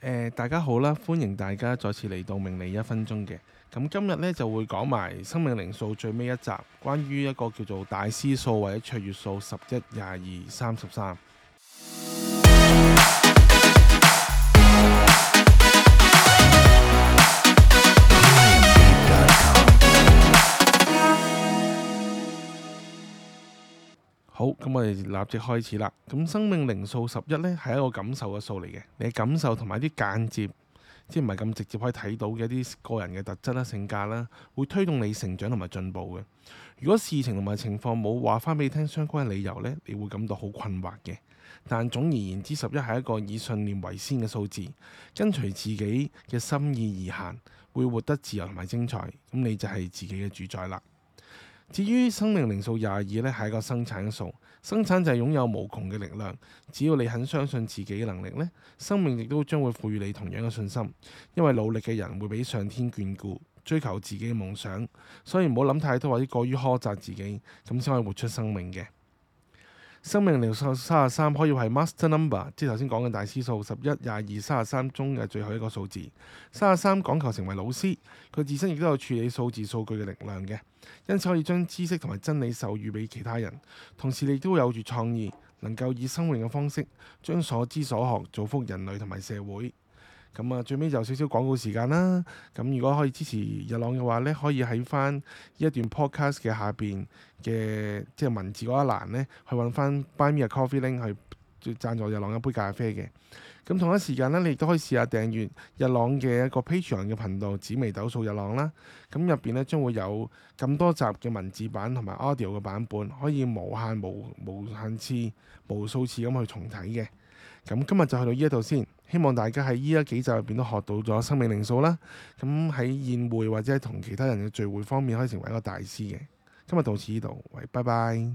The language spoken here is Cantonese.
呃，大家好啦，歡迎大家再次嚟到命理一分鐘嘅。咁今日呢，就會講埋生命靈數最尾一集，關於一個叫做大師數或者卓越數十一、廿二、三十三。好，咁我哋立即開始啦。咁生命靈數十一咧，係一個感受嘅數嚟嘅。你嘅感受同埋啲間接，即係唔係咁直接可以睇到嘅一啲個人嘅特質啦、啊、性格啦、啊，會推動你成長同埋進步嘅。如果事情同埋情況冇話翻俾你聽相關嘅理由咧，你會感到好困惑嘅。但總而言之，十一係一個以信念為先嘅數字，跟隨自己嘅心意而行，會活得自由同埋精彩。咁你就係自己嘅主宰啦。至於生命靈數廿二咧，係一個生產數，生產就係擁有無窮嘅力量。只要你肯相信自己嘅能力咧，生命亦都將會賦予你同樣嘅信心。因為努力嘅人會俾上天眷顧，追求自己嘅夢想，所以唔好諗太多或者過於苛責自己，咁先可以活出生命嘅。生命靈數三十三可以係 master number，即係頭先講嘅大師數十一、廿二、三十三中嘅最後一個數字。三十三講求成為老師，佢自身亦都有處理數字數據嘅力量嘅，因此可以將知識同埋真理授予俾其他人。同時你亦都有住創意，能夠以生命嘅方式將所知所學造福人類同埋社會。咁啊，最尾就少少廣告時間啦。咁如果可以支持日朗嘅話咧，可以喺翻呢一段 podcast 嘅下邊嘅即係文字嗰一欄咧，去揾翻 Buy Me A Coffee link 去贊助日朗一杯咖啡嘅。咁同一時間咧，你亦都可以試下訂閱日朗嘅一個 Patreon 嘅頻道，紫微斗數日朗啦。咁入邊咧將會有咁多集嘅文字版同埋 audio 嘅版本，可以無限無，無限次、無數次咁去重睇嘅。咁今日就去到呢一度先，希望大家喺呢幾集入邊都學到咗生命靈數啦。咁喺宴會或者係同其他人嘅聚會方面，可以成為一個大師嘅。今日到此呢度，喂，拜拜。